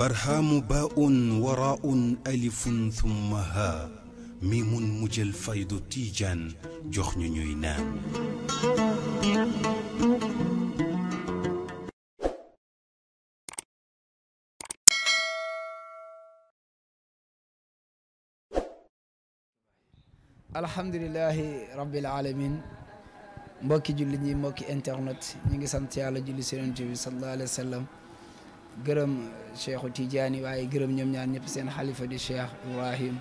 barhaamu baun waraun alifun thumma haa mi mun mujjël faydu tiijaan jox ñu ñuy ngi sant yàlla julli si yonent gërëm Cheikhu Tidiane waaye gërëm ñoom ñaar ñëpp seen xalifa di Cheikh Ibrahim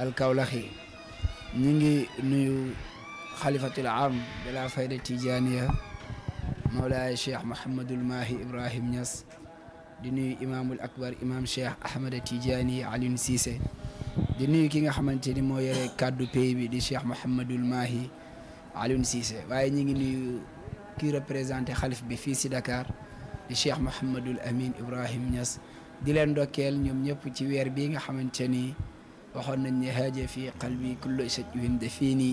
al Kawlaxi ñu ngi nuyu xalifatul am de la fayda Tidianiya Mawlaay Cheikh Mouhamadul Mahi Ibrahim Niass di nuyu imaamul akbar imaam Cheikh Ahmed Tidiane Alioune Cissé di nuyu ki nga xamante ni moo yore kàddu pays bi di Cheikh Mouhamadul Mahi Alioune Cissé waaye ñu ngi nuyu ki représenté xalif bi fii si Dakar. di cheikh Mouhamadul Amin Ibrahim Niass di leen ndokkeel ñoom ñëpp ci weer bii nga xamante ni waxoon nañ ne haaja fii qalbi kullu sajwin defini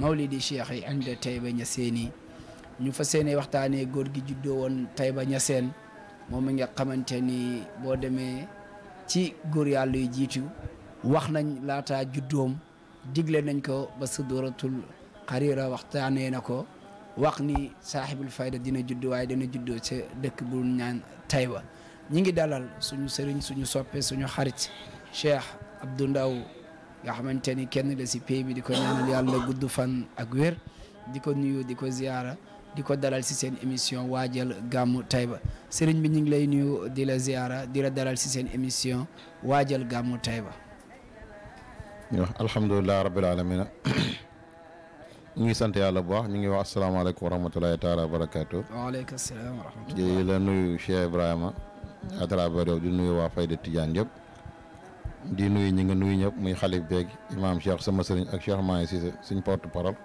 mawlidi cheikh yi inde Tayba Ñaseeni ñu fa yéene waxtaanee góor gi juddoo woon Tayba Ñaseen moom mi nga xamante ni boo demee ci góor yàlla yu jiitu wax nañ laata juddoom digle nañ ko ba sa dooratul xariira na ko wax ni saaxibul fayda dina judd waaye dina juddoo ca dëkk bu ñaan Taïba ñi ngi dalal suñu sëriñ suñu soppe suñu xarit Cheikh Abdou Ndaw nga xamante ni kenn la si pays bi di ko ñaanal yàlla gudd fan ak wér di ko nuyu di ko ziyaara di ko dalal si seen émission waajal gàmmu Taïba sëriñ bi ñu ngi lay nuyu di la ziyaara di la dalal si seen émission waajal gàmmu Taïba ñu wax alhamdulilah rabbil alamina ñu ngi sant yàlla bu baax ñu ngi wax asalaamaaleykum wa rahmatulahi taala wa barakaatu. waaleykum salaam wa rahmatulah. di la nuyu Cheikh Ibrahima. à travers yow di nuyu waa Fayda Tidiane yëpp. di nuyu ñi nga nuyu ñep muy khalif beeg imam Cheikh sama serigne ak Cheikh Mahi Cissé suñ porte parole.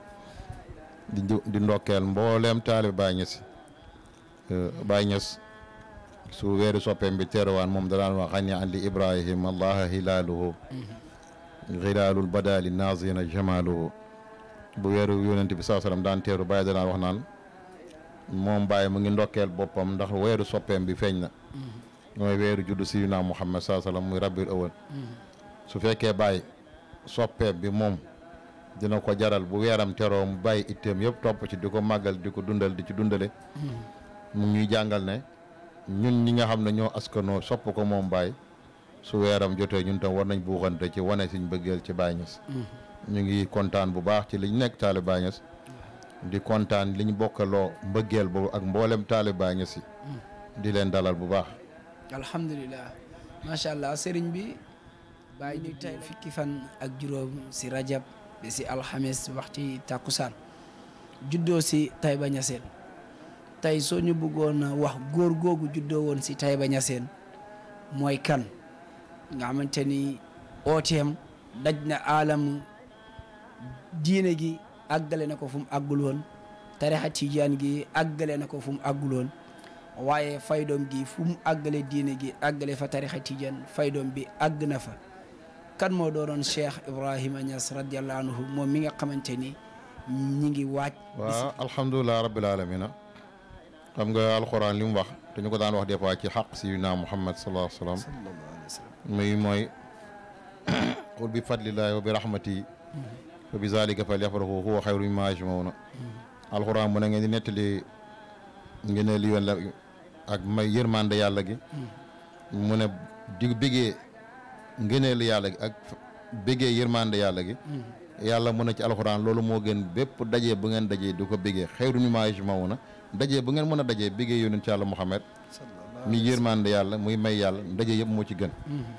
di di ndokel mbollem talib bay ñess euh bay ñess su wéru soppeem bi teerowaan mom da lan wax ani andi ibrahim allah hilaluhu hilaaluhu. xilaalul badaali naazina bu weeru yonent bi saa daan teeru bàyyi danaa wax naan moom bàyyi mu ngi ndokkeel boppam ndax weeru soppeem bi feeñ na mm-hmm. mooy weeru juddu Sayyidinaa Muhammad saa salaam muy rabiul awal mm-hmm. su fekkee bàyyi soppeem bi moom dina ko jaral bu weeram teroo mu bàyyi itteem yëpp topp ci di ko màggal di ko dundal di ci dundale mm-hmm. mu ñuy jàngal ne ñun ñi nga xam ne ñoo askanoo sopp ko moom bàyyi su wéram jotté ñun tam war nañ buuxante ci wane suñ bëggeel ci bañus mm-hmm. ñu ngi contane bu baax ci liñ nekk talibañus di kontan liñ bokkalo mbëggeel bu ak mboolem talibañus mm-hmm. di leen dalal bu baax ma sha allah sëriñ bi bay ñu tay fikki fan ak juroom si rajab bi si ci si Taïba Niassène tey soo ñu bëggoon a wax gor gogu juddo won si Taïba Niassène mooy kan nga xamante ni ooteem daj na alam diine gi àggale na ko fum mu àggul woon tarixa tijaan gi àggale na ko fu agguloon àggul woon waaye faydoom gi fu mu diine gi àggale fa tarixa tijaan faydoom bi àgg na fa kan moo doonoon Cheikh Ibrahima Niass radiallahu anhu moom mi nga xamante ni ñi ngi waaj waaw alhamdulilah rabbil alamina xam nga alquran li mu wax dañu ko daan wax des fois ci xaq si naa muhammad sallallahu wa sallam muy mooy qul bi fadlillaahi wa bi rahmatihi fa bi zalika falyafrahu alxuraan mu ne ngeen di nettali ngeen ne li yoon la ak may yërmande yàlla gi mu ne di yàlla gi ak bëggee yërmande yàlla gi yàlla mu ne ci alxuraan loolu moo gën bépp dajee bu ngeen dajee du ko bëggee xayru mimmaa na dajee bu ngeen mën a dajee bëggee yónent ci yàlla Muhammad mi yërmande yàlla muy may yàlla dajee yëpp moo ci gën mm-hmm.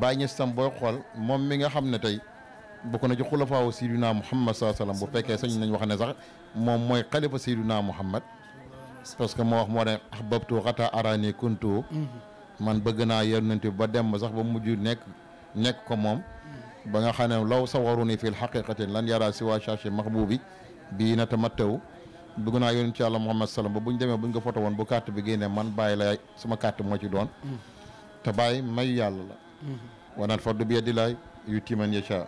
bàyyi sam boy xol mom mi nga xamne tay bu ko na ci khulafa wa sayyidina Muhammad sallallahu alaihi wasallam bu fekke sañ nañ wax ne sax mom moy khalifa sayyidina Muhammad parce que mo wax mo ne ahbabtu ghata arani kuntu man bëgg naa yonent ba dem sax ba mujj nekk nekk ko moom ba nga xam law sawaruni fil xaqiqatin lan yaraa si waa chargé mahbuubi bii na tamattaw bëgg ci yàlla Muhammad sallallahu ba wasallam ñu demé bu ko foto won bu carte bi gene man bàyyi la sama carte mo ci doon te bay may yàlla la wanal faddu bi yadillaay yu timan yasha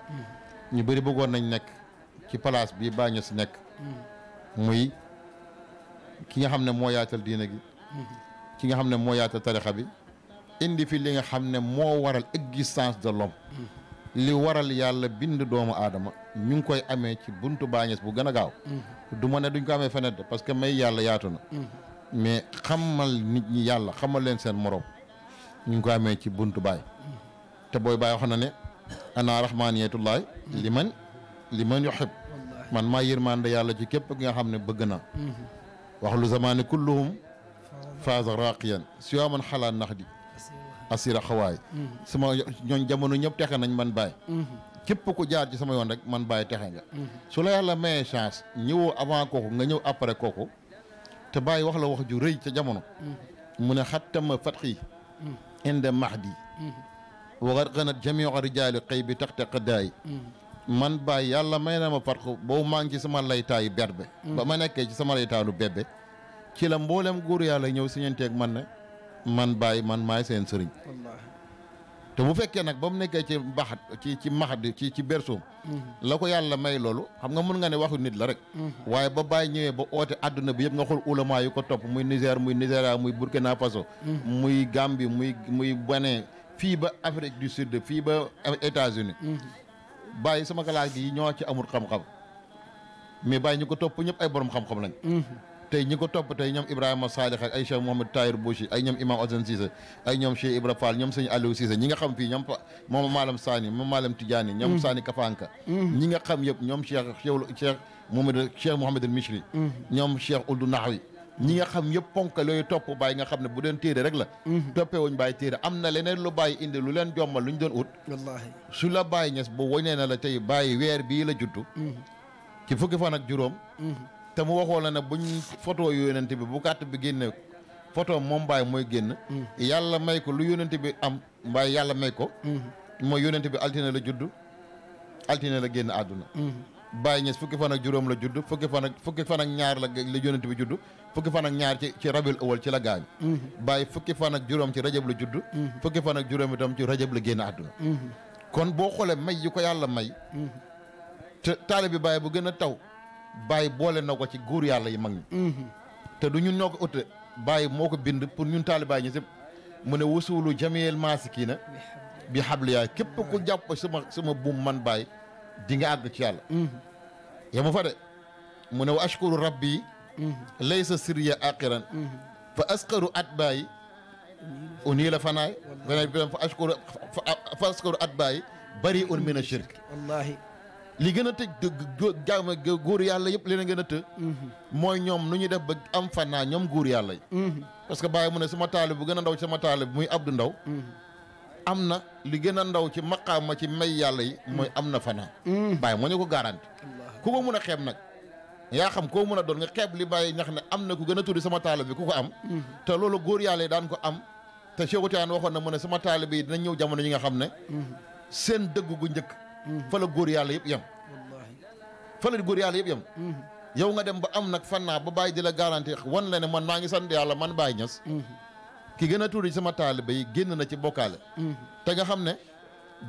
ñu bëri bëggoon nañ nekk ci place bii Baay Ñas nekk muy ki nga xam ne moo yaatal diina gi ki nga xam ne moo yaatal tarixa bi indi fi li nga xam ne moo waral existence de l'homme li waral yàlla bind doomu aadama ñu ngi koy amee ci buntu Baay Ñas bu gën a gaaw du ma ne duñ ko amee feneen de parce que may yàlla yaatu na mais xamal nit ñi yàlla xamal leen seen morom ñu ngi ko amee ci buntu baay te booy bàyyi wax na ne ana rahmaniyatullahi li man li man yuhib man maa yërmande yàlla ci képp ki nga xam ne bëgg na mm-hmm. wax lu zamaani kulluhum faasa raqiyan si waa man xalaat nax di asira xawaay mm-hmm. sama ñooñ jamono ñëpp texe nañ man bàyyi mm-hmm. képp ku jaar ci sama yoon rek man bàyyi texe nga su la yàlla mayee chance ñëwoo avant kooku nga ñëw après kooku te bàyyi wax la wax ju rëy ca jamono mu ne xattama fatxi inde mahdi وغرقنت جميع bi قيب تحت قداي man baay yàlla may na ma farxu boobu maa ngi ci sama laytaayu berbe ba ma nekkee ci sama laytaanu bebe ci la mboolem góor yàlla ñëw siñanteeg man ne man baay man maay seen sëriñ te bu fekkee nag ba mu nekkee ci mbaxat ci ci maxat ci ci bersoom mm-hmm. la ko yàlla may loolu xam nga mën nga ne waxu nit la rek mm-hmm. waaye ba bàyyi ñëwee ba oote àdduna bi yëpp nga xool ulama yu ko topp muy Niger muy Nigeria muy Burkina Faso mm-hmm. muy Gambie muy fii ba Afrique du Sud fii ba États-Unis mm-hmm. bàyyi sama classe yi ñoo ci amul xam-xam mais bàyyi ñu ko topp ñëpp ay borom xam-xam lañ mm-hmm. tey ñi ko topp tey ñoom Ibrahima Salih ak ay Cheikh Mouhamed Tahir Bouchi ay ñoom Imam Ousmane Cissé ay ñoom Cheikh Ibra Fall ñoom sëñ Aliou Cissé ñi nga xam fii ñoom moom maalam Sani moom maalam Tidiane ñoom mm-hmm. Sani Kafanka ñi nga xam yëpp ñoom Cheikh Cheikh Cheikh Mouhamed Cheikh Mouhamed El Michri ñoom Cheikh Uldu Naxwi ñi nga xam yëpp ponk looyu topp bàyyi nga xam ne bu deen téere rek la mhm. toppee wuñ bàyyi téere am na leneen lu bàyyi indi lu leen jomma lu ñu doon ut wallaahi su la bàyyi ñes bu wañee na la tey bàyyi weer bii la juddu mhm. ci fukki fan ak juróom mhm. te mu waxoo la ne buñ photo yonent bi bu gàtt bi génne photo moom bàyyi mooy génn yàlla may ko lu yonent bi am mbaay yàlla may ko mooy yonent bi altine la juddu altine la génn àdduna Baye Niass fukki fan ak juróom la judd fukki fan ak fukki fan ak ñaar la la yonent bi judd fukki fan ak ñaar ci ci rabil awal ci la gaañ mhm. bàyyi fukki fan juróom ci rajab la judd mhm. fukki fan ak juróom itam ci rajab la génn àdduna mhm. kon boo xoolee may yi ko yàlla may te taali bi Baye bu gën a taw Baye boole na ko ci góor yàlla yi mag ñi te du ñun noo ko ute bàyyi moo ko bind pour ñun taali Baye Niass mu ne wasuulu jameel maasi kii na bi xabli yaay képp ku jàpp sama sama buum man Baye di nga àgg ci yàlla yamu fa de mu ne wa ashkuru rabbi laysa sirriya aqiran fa baay atbaayi unii la fanaay fanaay bi fa ashkuru fa askaru atbaayi bari un min a shirk li gën a tëj jaam góor yàlla yëpp li na gën a të mooy ñoom nu ñu def ba am fanaa ñoom góor yàlla yi mm-hmm. parce que bàyyi mu ne sama taalib bu gën a ndaw sama taalib muy Abdou Ndaw am na li gën a ndaw ci ma ci may yàlla yi mooy am na fana mm. moo ñu ko garanti ku ko mun a xeeb nag yaa xam koo mun a doon nga xeeb li bàyyi ñax ne am na ku gën a tuddi sama taalibe bi ku ko am mm. te loolu góor daan ko am te Cheikh Tidiane na mu ne sama taalibe yi dina ñëw jamono yi nga xam ne mm. seen dëgg gu njëkk fa góor yàlla yëpp yem fa la góor yàlla yëpp yem nga dem ba am nag fan naa ba bàyyi di la garanti wan la ne man maa ngi sant yàlla man bàyyi ñas ki gën a tuuri sama taalibe yi génn na ci bokkaale te nga xam ne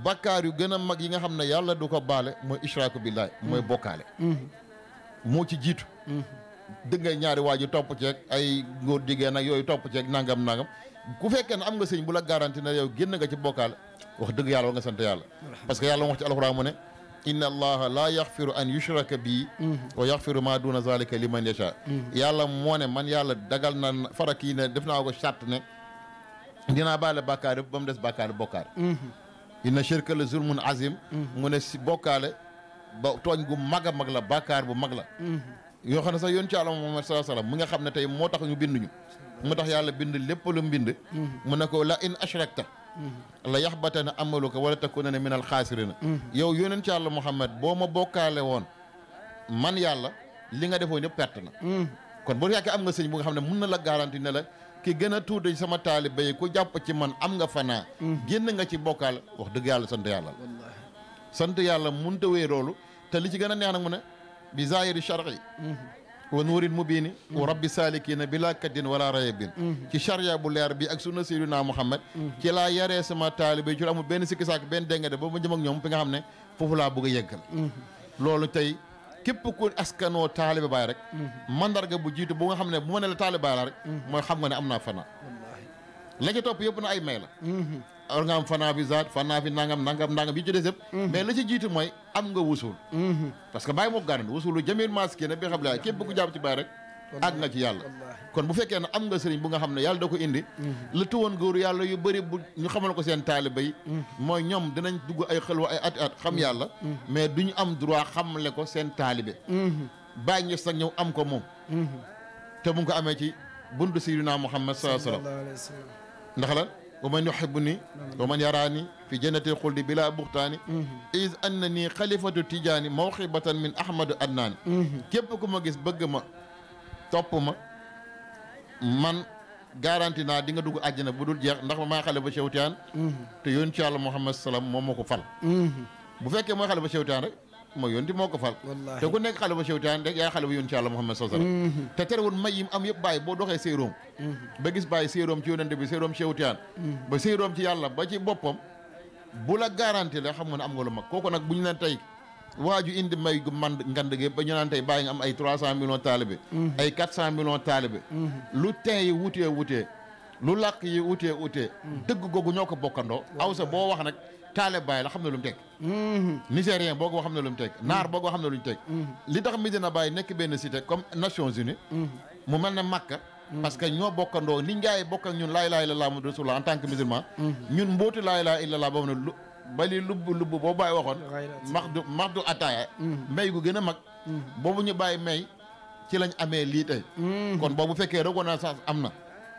bakkaar yu gën a mag yi nga xam ne yàlla du ko baale mooy ishraaku billaah mooy bokkaale moo ci jiitu dëgg ngay ñaari waa ji topp ceeg ay góor jigéen ak yooyu topp ceeg nangam nangam ku fekkee ne am nga sëñ bu la garanti ne yow génn nga ci bokkaale wax dëgg yàlla war nga sant yàlla parce que yàlla wax ci alxuraan mu ne inna allaha laa yaxfiru an yushraka bii wa yaxfiru ma duna zalika liman yasha mm-hmm. man yàlla dagal na farak yi ne def naa ne dina baale bakar bam dess bakar bokar bàkkaar inna shirka la zulmun azim muné ne si bokkaale ba togn gu maga magla bakar bu magla yo xana xam ne sax yoon ci àlla Muhammad sallallahu alaihi wasallam mu nga xamne tay motax ñu bindu ñu motax yàlla bind lépp lu bind mu ne ko la in ashrakta la yahbatana amaluka wala takuna min al khasirin yow yon ci àlla Muhammad boo ma bokkaale woon man yàlla li nga defo ñu pertna kon bu yàggee am nga sëñ bu nga xamne ne na la garantie ne la ki gën a tuuti sama taalibe yi ku jàpp ci man am nga fanaa mm. génn nga ci bokkaal wax dëgg yàlla sant yàlla la sant yàlla mënut a wéy loolu te li ci gën a neex nag mu ne bi zahiri shar'i mm-hmm. wa nuurin mubiini wa mm-hmm. rabbi saalikiina laa kaddin wala rayabin mm-hmm. ci charia bu leer bi ak sunna sayyidina Muhammad ci laa yaree sama taalibe ci lu amul benn sikki saak benn dénga de ba ma jëm ak ñoom fi nga xam ne foofu laa bëgg a yeggal loolu tey képp ku askanoo taaliba baay rek mandarga bu jiitu bu nga xam ne bu ma ne la taaliba baay la rek mooy xam nga ne am naa fana la topp yëpp na ay may la war mhm. nga am fanaa bi zaat fanaa bi nangam nangam nangam yi ci des yëpp mhm. mais la ci jiitu mooy am nga wusul mhm. parce que bàyyi moo ko garan wusul lu na bi xam laa képp ku jàpp ci baay rek àgg nga ci yàlla kon bu fekkee ne am nga sëriñ bu nga xam ne yàlla da ko indi la tuwoon góoru yàlla yu bëri bu ñu xamal ko seen taaliba yi mooy ñoom dinañ dugg ay xelwa ay ati at xam yàlla mais duñu am droit xamle ko seen taalibe bàyyi ñës nag ñëw am ko moom te mu ngi ko amee ci buntu sayyidina Muhammad sallallahu alayhi wa sallam ndax la wa man yuhibbu ni wa man yaraani fi jannatil xuldi bila buxtaani is anna nii xalifatu tijaani mawxibatan min ahmadu adnaani képp ku ma gis bëgg ma topp ma man garanti naa di nga dugg na bu dul jeex ndax maa xale ba sewtiyaan te yoon ci yàlla Muhammad salaam moom moo ko fal bu fekkee mooy xale ba sewtiyaan mooy yoon di moo ko fal te ku nekk xale ba sewtiyaan rek yaay xale ba yoon ci yàlla Muhammad salaam uhuh. te terewul may yim am yëpp bàyyi boo doxee séeróom uhuh. ba gis bàyyi séeróom ci yonente bi séeróom sewtiyaan uhuh. ba séeróom ci yàlla ba ci boppam bu la garanti la xam nga ne am nga lu mag kooku nag bu ñu ne tey waaju indi may gu mand ngand gi ba ñu naan tey bàyyi nga am ay trois cent millions taalibe mhm. ay quatre cent millions taalibe mhm. lu teen yi wutee wutee lu làkk yi wutee wutee mhm. dëgg googu ñoo ko bokkandoo sa boo wax nag taale baay la xam ne lu mu teg nigérien boo ko xam ne lu teg naar boo ko xam ne lu mu teg li tax Medina Baye nekk benn cité comme Nations Unies mu mel ne Makka parce que ñoo bokkandoo ni njaay bokk ak ñun laa ilaaha illallaah Muhammadu rasuulullaah en tant que musulman ñun mbóotu laa ilaaha illallaah bali lubb lubb boo bàyyi waxoon max du max du ataaya mm-hmm. may gu gën a mag mm-hmm. boobu ñu bàyyi may ci lañ amee lii tey mm-hmm. kon boobu fekkee rek reconnaissance am na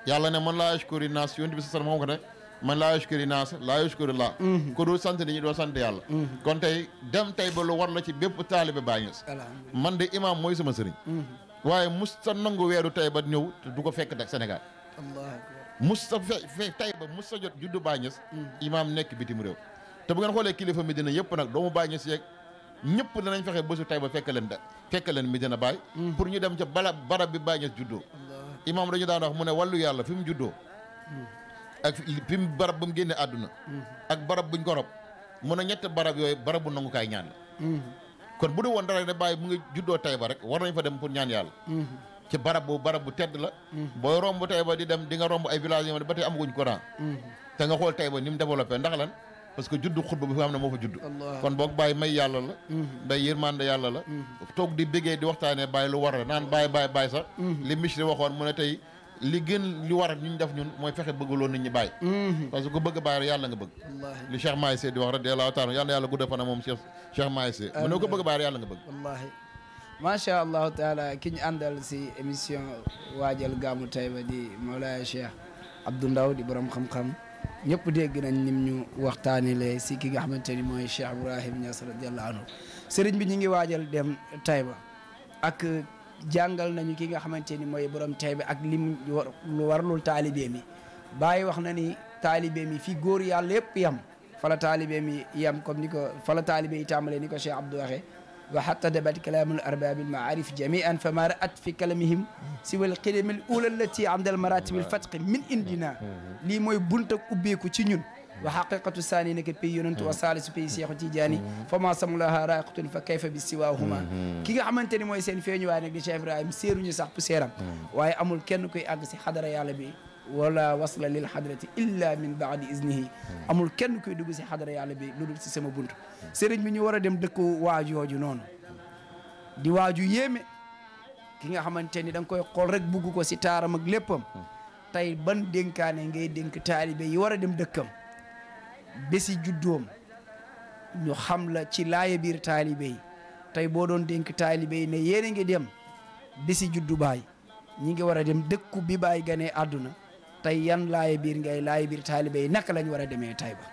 yàlla ne man laa yashkuri naas yonent bi sa moom ko ne man laa yashkuri naas laa yashkuri laa ko dul sant dañu doo sant yàlla kon tey dem tey ba lu war la ci bépp taalibe Baay Ñas man de imaam mooy sama sëriñ waaye mus sa nangu weeru tey ba ñëw te du ko fekk dak Sénégal mus sa fe fe tey ba mus jot juddu Baay Ñas imaam nekk bitim réew te bu ngeen xoolee kilifa dina yëpp nag doomu Baay Ñas yeeg ñëpp danañ fexe bésu tay ba fekk leen de fekk leen Medina Baay mm. pour ñu dem ca bala barab bi Baay Ñas juddoo imaam ñu daan wax mu ne wàllu yàlla fi mu juddoo mm. ak fi mu barab ba mu génnee àdduna mm. ak barab buñ ko rob mu ne ñett barab yooyu barabu nangukaay ñaan la kon bu du woon dara ne Baay mu ngi juddoo tay ba rek war nañ fa dem pour ñaan yàlla ci barab bu barab bu tedd la booy romb tay ba di dem di nga romb ay village yoo xam ne ba tey amaguñ courant nga xool tay ba mu développé ndax lan parce que juddu xutba bu fi xam ne moo fa juddu kon boog bàyyi may yàlla la nday mm-hmm. yërmande yàlla la mm-hmm. toog di bégee di waxtaanee bàyyi lu war la naan bàyyi bàyyi bàyyi sax mm-hmm. li Michri waxoon mu ne tey li gën li war ñu def ñun mooy fexe bëggaloo nit ñi bàyyi parce que ku bëgg bàyyi rek yàlla nga bëgg li Cheikh Maïssé di wax radiyallahu taala yàlla yàlla gudda fana moom Cheikh Cheikh Maïssé mu ne ko bëgg bàyyi rek yàlla nga bëgg wallaahi macha allahu taala ki ñu àndal si émission waajal gàmmu Taïba di Mawlaaya Cheikh Abdou Ndaw di borom xam ñëpp dégg nañ nim ñu waxtaanile si ki nga xamante ni mooy Cheikh Ibrahim Niass radiyallahu anhu sëriñ bi ñu ngi waajal dem Taïba ak jàngal nañu ki nga xamante ni mooy borom Taïba ak lim lu warlul taalibe mi bàyyi wax na ni taalibe mi fi góor yàlla yëpp yam fala taalibe mi yam comme ni ko fala taalibe yi tàmbalee ni ko Cheikh Abdou waxee وحتى دبت كلام الأرباب المعارف جميعا فما رأت في كلامهم سوى القلم الأولى التي عند المراتب نعم. الفتق من عندنا نعم. نعم. لي موي بنتك أبيكو تنين وحقيقة الثاني نك بي يونت وصالس بي سيخ تيجاني فما لها رائقة فكيف بسواهما كي عمان moy sen feñu way nak di chef Ibrahim seeruñu sax pu seram waye amul kenn kuy ag ci wala wasla lil xadrati illa min baadi iznihi amul kenn kuy dugg si xadara yàlla bi lu dul si sama bunt sëriñ bi ñu war a dem dëkku waajooju noonu di waaju yéeme ki nga xamante ni da nga koy xool rek bugg ko si taaram ak léppam tey ban dénkaane ngay dénk taalibe yi war a dem am bési juddoom ñu xam la ci laaye biir taalibe yi tey boo doon dénk taalibe yi ne yéen a ngi dem bési juddu baay ñi ngi war a dem dëkku bi baay ganee àdduna tey yan laay biir ngay laay biir taalibe yi naka lañ war a demee tay ba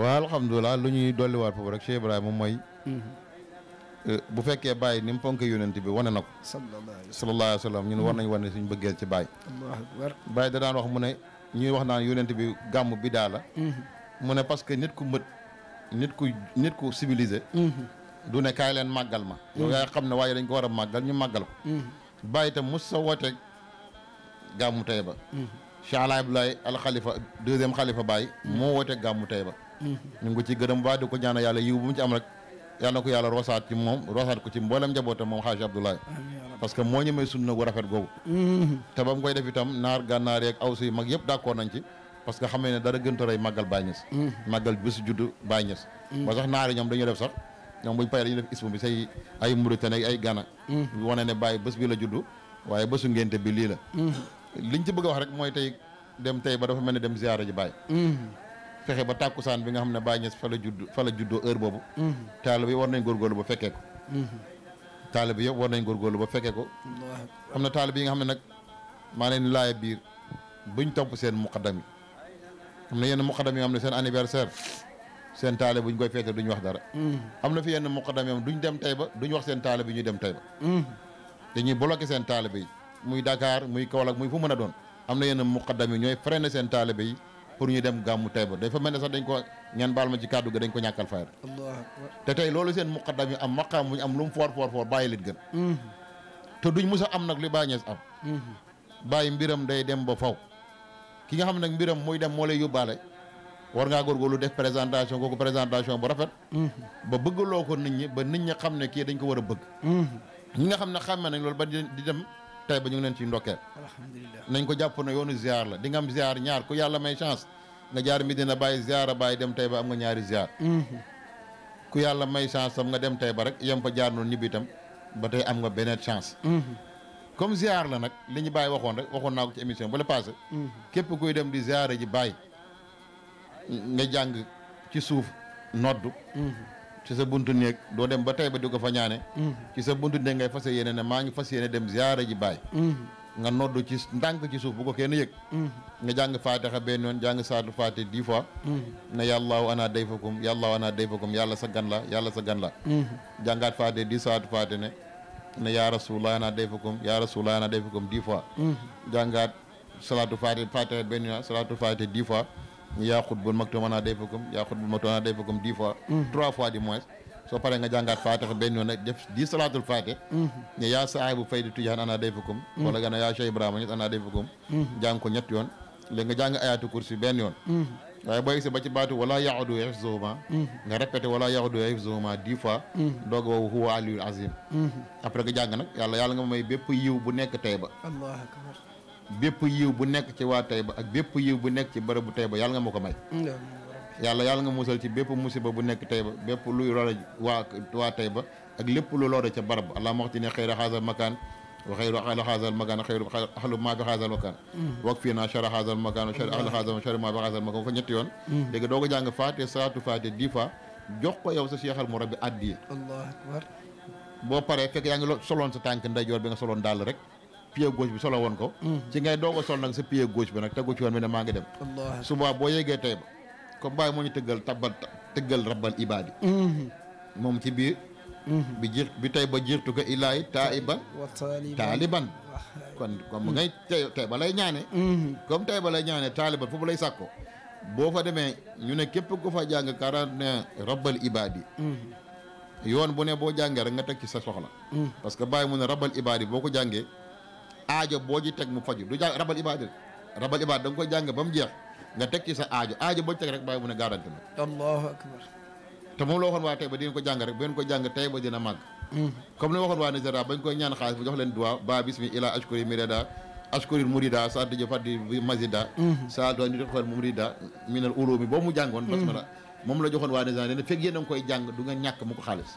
waaw alhamdulilah lu ñuy dolliwaat foofu rek Cheikh Ibrahima moom mooy mm-hmm. eh, bu fekkee bàyyi ni mu ponk yonent bi wane na ko sallallahu alayhi wa sallam ñun war nañ wane suñ bëggeel ci bàyyi bàyyi da daan wax mu ne ñuy wax naan yonent bi gàmm bi daa la mm-hmm. mu ne parce que nit ku mët nit ku nit ku civilisé mm-hmm. du ne kaay leen màggal ma yow yaay xam ne waaye dañ ko war a màggal ñu màggal ko bàyyi itam mos sa wooteeg gàmmu Taïba Cheikh Alaay Abdoulaye al xalifa deuxième xalifa Baye moo woote gàmmu Taïba mm-hmm. ñu ngi ko ci gërëm baax di ko ñaanal yàlla yiw bu mu ci am rek yàlla na ko yàlla rosaat ci moom rosaat ko ci mboolem njabootam moom xaaji Abdoulaye parce que moo ñëmee sunna gu rafet googu mm-hmm. te ba mu koy def itam naar gànnaar yeeg aw si mag yëpp d'accord nañ ci parce que xam ne dara gënta rey màggal Baye Niass mm-hmm. màggal juddu Baye Niass ba sax naar yi ñoom dañu def sax ñoom buñ payee dañu def ismu bi say ay Mauritanie ay Ghana wane ne Baye bés bi la juddu waaye bésu ngénte bi lii la liñ ci bëgg a wax rek mooy tey dem tey ba dafa mel ne dem ziyaara ji Baay mm-hmm. fexe ba saan bi nga xam ne Baay Ñas fa la judd fa boobu mm-hmm. taalibe bi war nañ góorgóorlu ba fekkee ko mm-hmm. taalibe yëpp war nañ góorgóorlu ba fekkee ko am na taalibe yi nga xam ne nag maa leen laaya biir buñ topp seen muqaddam yi am na yenn muqaddam yoo xam ne seen anniversaire seen taale buñ koy fekkee duñ wax dara am na fi yenn muqaddam yoo xam duñ dem tey ba duñ wax seen taale bi ñuy dem tey ba dañuy bloqué seen taale bi muy Dakar muy Kaolack muy fu mën a doon am na yenn dam yi ñooy freiné seen taalibe yi pour ñu dem gàmmu Taïba dafa mel ne sax dañ ko ngeen baal ma ci kàddu ga dañ ko ñàkkal fayda te tey loolu seen muqaddam yi am maqaam muñu am lu mu foor foor foor bàyyi leen gën mm-hmm. te duñ mos a am nag li bàyyi ñees am mm-hmm. bàyyi mbiram day dem ba faw ki nga xam nag mbiram muy dem moo lay yóbbaale war ngaa góorgóorlu def présentation kooku présentation bu rafet mm-hmm. ba bëggaloo ko nit ñi ba nit ñi xam ne kii dañ ko war a bëgg ñi xam ne xàmme nañ ba di dem Tayba ñu ngi leen ciy ndokkeel alhamdulilah nañ ko jàpp ne yoonu ziar la di nga am ziar ñaar ku yàlla may chance nga jaar Medina bàyyi ziar bàyyi dem Tayba am nga ñaari ziar mm-hmm. ku yàlla may chance am nga dem Tayba rek yem fa jaar noonu ñibbi itam ba tey am nga beneen chance mm-hmm. comme ziar la nag li ñu bàyyi waxoon rek waxoon naa ko ci émission ba la mm-hmm. képp kuy dem di ziar ji bàyyi nga jàng ci suuf noddu ci sa buntu néeg doo dem ba tey ba di ko fa ñaane mm. ci sa buntu néeg ngay fas yéene ne maa ngi fas yéene dem ziyaara ji baay mm. nga noddu ci ndànk ci suuf bu ko kenn yëg mm. nga jàng faatixa benn yoon jàng sa gan la yàlla sa gan la jàngaat faati di saatu faati ne ne yaa rasulallah ana dayfakum yaa rasulallah ana dayfakum dix fois jàngaat salaatu faati faatixa benn yoon salaatu faati dix fois yaa xutbul maktumanaa day fakum yaa xutbul maktumanaa day fakum dix fois mm. trois fois du moins soo paree nga jàngaat faatixa benn yoon nag di salaatul faatix mm. ne yaa saahibu faydi tijaan ana day fakum mm. wala nga ne yaa jàng ko ñett yoon léegi nga jàng ayaatu kursi benn yoon waaye boo gisee ba ci baatu wala yaxudu hifzuhuma nga répété wala yaxudu hifzuhuma dix fois doog woowu huwa aliyul azim après nga jàng nag yàlla yàlla nga may bépp yiw bépp yiw bu nekk ci waa ba ak bépp yiw bu nekk ci bërëbu ba yàlla nga ma ko may yàlla yàlla nga musal ci bépp musiba bu nekk ba bépp luy loola waa waa Tayba ak lépp lu loola ca barab allahumma waxti ne xayra haazal makaan wa xayru ahli haazal makaan xayru ahlu maa bi haazal makaan mm. wak fii naa chara haazal makaan wa chara ahli haazal chara maa bi ko ñetti yoon mm. léegi doo ko jàng faate salaatu faate dix fois jox ko yow sa seexal mu rabbi addiye allahu akbar boo paree fekk yaa ngi soloon sa tànk ndeyjoor bi nga soloon dàll rek pied gauche bi solo won ko hmm. ci ngay dogo sol nak sa pied gauche bi nak tagu ci won bi ma ngi dem suba bo yegge tay ba ko ñu tabal teggal rabal ibadi mom hmm. ci hmm. bi bi jir bi tay ba jiirtu ka ilahi taiba taliban kon comme ngay tay tey ba lay ñane comme tay ba lay ñane taaliban foofu lay sakko bo fa deme ñu ne kep ko fa jang quarante rabbal rabal ibadi, yoon bu ne bo jàngee rek nga tek ci sa soxla parce que mu ne rabal ibadi boko jangé aajo boo ji teg mu faju du jàng rabal ibaad rabal ibaad da nga koy jàng ba mu jeex nga teg ci sa aajo aajo boo ci teg rek bàyyi mu ne garanti na allahu akbar te moom la waxoon waa tey ba dinañ ko jàng rek bu ngeen ko jàng tey ba dina màgg hmm. comme la waxoon waa Nigéria bañ koy ñaan xaalis bu jox leen duwaa ba bismi ila ashkuri mirada ashkuri murida saatdjo faddi masida hmm. saatoa ñu def xool murida minal ulumi boo mu jàngoon basmala moom la joxoon waa Nizam ne fekk yéen koy jàng du nga ñàkk mu ko xaalis.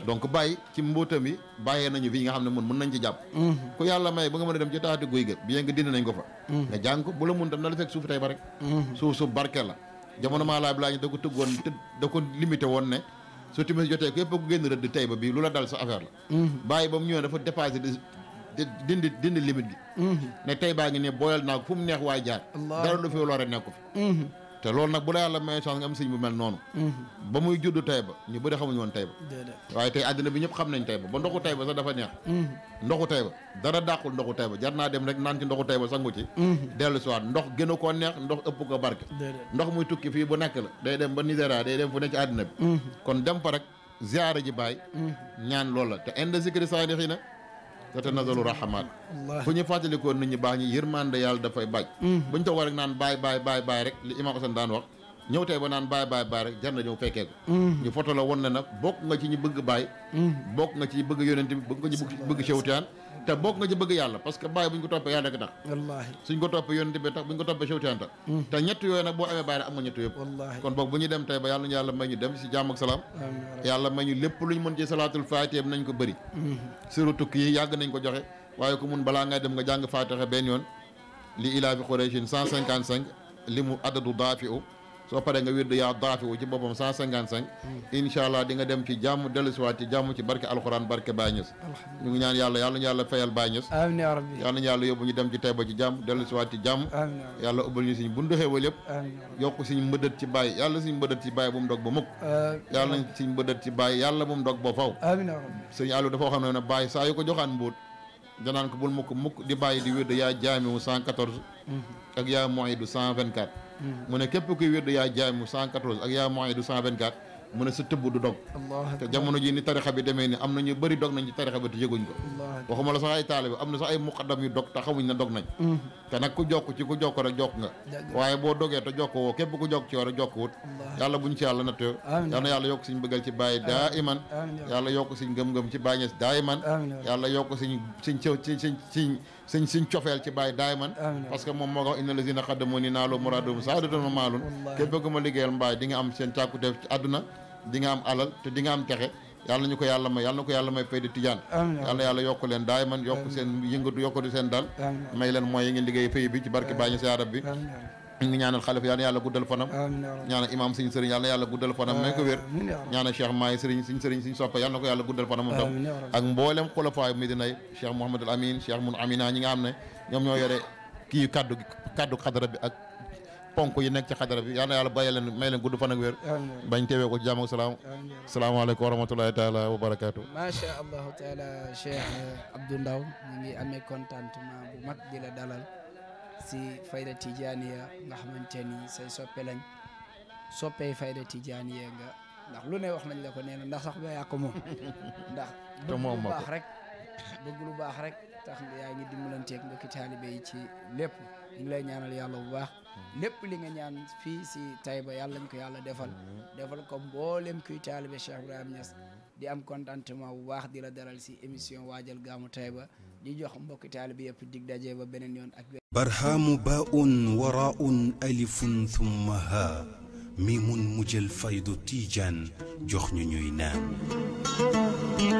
allahu bàyyi ci mbóotam yi bàyyee nañu fii nga xam ne mun mën ci jàpp. Mm-hmm. ku yàlla may ba nga mën a dem ci taati guy ga bien que dindi nañ ko fa. Mm-hmm. nga jàng ko bu la mun tam na la fekk suuf tey ba mm-hmm. suuf suuf barke la. jamono maa laa bi laa ñu da ko tëggoon te da ko limité woon ne su timis jotee ko yëpp a ko génn rëdd tey ba bii lu la dal sa affaire la. bàyyi ba mu ñëwee dafa ngi ne booyal naa ko fu mu neex waay jaar. dara du fi te loolu nag bu la yàlla may chance am sëñ bu mel noonu ba muy judd ba ñu bëri xamuñu woon Taïba waaye tey àddina bi ñëpp xam nañ Taïba ba ndoxu Taïba sax dafa neex ndoxu Taïba dara dàqul ndoxu Taïba jar naa dem rek naan ci ndoxu Taïba sangu ci dellu si waat ndox gënu koo neex ndox ëpp ko barke ndox muy tukki fii bu nekk la day dem ba Nigéria day dem fu nekk ci àddina bi mm-hmm. kon dem fa rek ziyaara ji baay mm-hmm. ñaan loolu la te ind zikri saalihiina tatanazalu rahmat ñu fàttalikoo nit ñi baax ñi yërmande yàlla dafay baj mm. bu ñu toogoo rek naan baay baay baay baay rek li imam Assane daan wax ñëw tey ba naan baay baay baay rek jar na ñëw fekkee ko mm. ñu foto la woon ne nag bokk nga ci ñu bëgg baay mm. bokk nga ci ñu bëgg yonent bi bokk nga ci bëgg sewtiyaan te bok nga ci bëgg yalla parce que baye buñ ko topé yalla rek tax wallahi suñ ko topé yonent bi tax buñ ko topé sewtaan tax hmm. te ñett yoy nak bo amé baye am nga ñett yëpp wallaahi kon bok buñu dem tay ba yalla ñu yalla may ñu dem ci jamm ak salam yalla may ñu lepp lu mën ci salatul fatiha nañ ko bëri hmm. suru tukki yag nañ ko joxé waye ko mën bala nga dem nga jang fatiha ben yoon li ila bi quraish 155 limu adadu dafi'u soo paree nga wirdu yaa daafi wu ci boppam 155. Hmm. incha allah di nga dem ci jàmm dellusiwaat ci jàmm ci barke alxuraan barke Baay Ñas ñu ngi ñaan yàlla yàlla ñu yàlla fayal Baay Ñas amiin yaa rabbi yàlla ñu yàlla yóbbu ñu dem ci Tayba ci jàmm dellusiwaat ci jàmm yàlla ubbal ñu suñ bundu xéewal yëpp yokk suñ mbëdët ci bàyyi yàlla suñ mbëdët ci bàyyi bu mu dog ba mukk yàlla suñ mbëdët ci bàyyi yàlla bu mu dog ba faw sëñ Aliou dafa xam ne bàyyi danaan ko bul mukk mukk di bàyyi di wér de yaa jaamiwu 114. ak yaa muhidu 124. mu ne képp kuy wér de yaa jaamiwu 114 ak yaa muhidu 124 mu ne sa tëbb du dog te jamono ji ni tarixa bi demee ni am na ñu bëri dog nañ ci tarixa bi te yëguñ ko waxuma la sax ay taalibe am na sax ay muqaddam yu dog te xamuñ ne dog nañ mm-hmm. te nag ku jokk ci ku jokk rek jokk nga waaye boo dogee te jokk woo képp ku jokk ci yow a jokk wut yàlla buñ ci yàlla nattoo yal na yàlla yokk suñ bëggal ci bàyyi daa iman yàlla yokk suñ ngëm-ngëm ci bàyyi ñes daa iman yàlla yokk suñ suñ ci suñ suñ suñ suñ cofeel ci bàyyi daa iman parce que moom moo ko wax inna lazina xaddamoo ni naaloo muraadum saadatan maalun képp ku ma liggéeyal mbaay di nga am seen def ci àdduna di nga am alal te di nga am texe yàlla ñu ko yàlla may yàlla na ko yàlla may pay di tijaan yàlla yàlla yokk leen daay man yokk seen yëngatu yokkatu seen dal may leen mooy yi ngeen liggéey pay bi ci barke bàññi si arab bi ñu ngi xalifa yal na yàlla guddal fanam ñaanal imam suñu sëriñ yal na yàlla guddal fanam moom tam ak mboolem xulafaay Medina yi cheikh Mouhamadul Amin cheikh mun amina ñoom ñoo yore kii kaddu kaddu xadara bi ak ponk yi nekk ci xadara bi yal na yàlla bàyyi leen may leen gudd fan ak wér bañ teewee ko ci jàmm ak salaam salaamaaleykum wa rahmatulahi taala wa barakaatu macha allahu taala cheikh eh, abdou ndaw mi ngi amee contentement bu mag gi la dalal si fayda tijaaniya nga xamante ni say soppe lañ soppey fayda tijaaniya nga ndax lu ne wax nañ la ko nee ndax sax ba yaa ko moom ndax bëgg lu baax rek bëgg lu baax rek tax yaa ngi dimbalanteeg mbokki taalibe yi ci lépp ñu lay ñaanal yàlla bu baax lépp li nga ñaan fii si Taïba yàlla ñu ko yàlla defal defal ko mboolem kuy taalibe Cheikh Ibrahima Niass di am contentement bu baax di la daral si émission waajal gàmmu Taïba di jox mbokki taalibe yëpp dig daje ba beneen yoon ak barhaamu baun waraun alifun thumma ha mi mun mujjël faydu tiijaan jox ñu ñuy naan